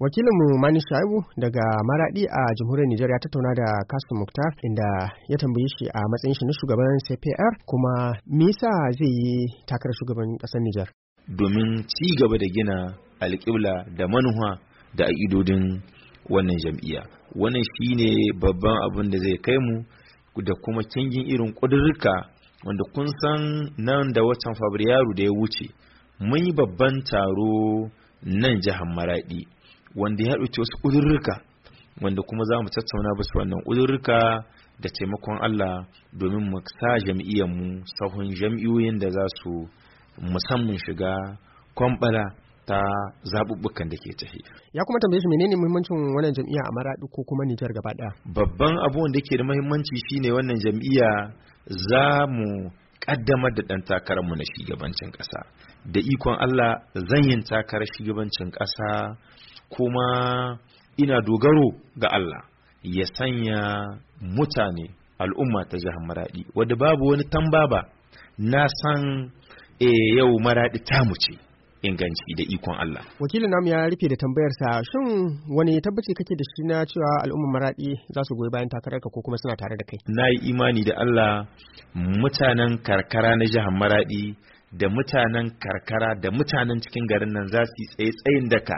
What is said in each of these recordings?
wakilinmu mani shaibu daga maradi a jamhuriyar nijar ya tattauna da kasim muktar inda ya tambaye shi a matsayin shi na shugaban cpr kuma misa zai yi takarar shugaban kasar nijar domin ci gaba da gina alƙibla da manuha da aƙidodin wannan jam'iyya wannan shine babban abin da zai kai mu da kuma kingin irin ƙudurruka wanda kun san nan da watan fabrairu da ya wuce mun yi babban taro nan jihar maradi wanda ya haɗuce wasu ƙudurruka wanda kuma za mu tattauna basu wannan ƙudurruka da taimakon Allah domin mu sa mu sahun jam'iyyoyin da za su musamman shiga kwambala ta zaɓuɓɓukan da ke tafi. Ya kuma tambaye shi menene muhimmancin wannan jam'iyya a Maraɗi ko kuma Nijar gaba ɗaya? Babban abu wanda ke da muhimmanci shine wannan jam'iyya za mu kaddamar da ɗan takararmu na shugabancin ƙasa. Da ikon Allah zan yin takarar shugabancin ƙasa kuma ina dogaro ga Allah ya sanya mutane al'umma ta jihar maraɗi, wadda babu wani tambaba na san e, yau maradi tamu ce inganci da ikon Allah. Wakilin namu ya rufe da tambayarsa shin wani tabbaci kake da shi na cewa al'ummar maraɗi za su goyi bayan takarar ka, ko kuma suna tare da kai? Na yi imani da Allah mutanen karkara na jihar maraɗi da mutanen karkara da mutanen cikin garin nan za su yi tsaye tsayin daka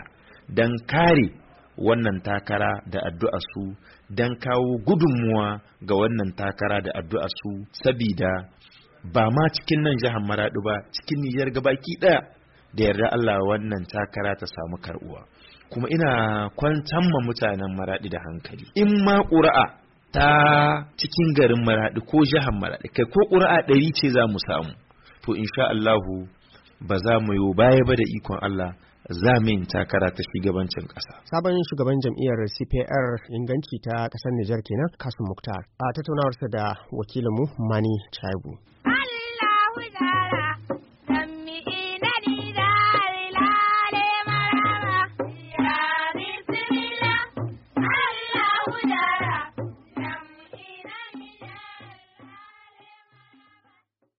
don kare wannan takara da addu'a su don kawo gudunmuwa ga wannan takara da addu'a su sabida ba ma cikin nan jihar maradu ba cikin nijar gabaki ɗaya da yarda Allah wannan takara ta samu karɓuwa. kuma ina kwantan ma mutanen maradi da hankali in ma ƙura'a ta cikin garin maradi ko jihar maradi kai ko ƙura'a ɗari ce za mu samu to insha Allahu ba za mu yi baya ba da ikon Allah zamin takara ta shugabancin ƙasa. Sabon shugaban jam'iyyar CPR inganci ta ƙasar Nijar kenan Kasim Muktar a tattaunawarsa da wakilinmu Mani Chaibu. Allah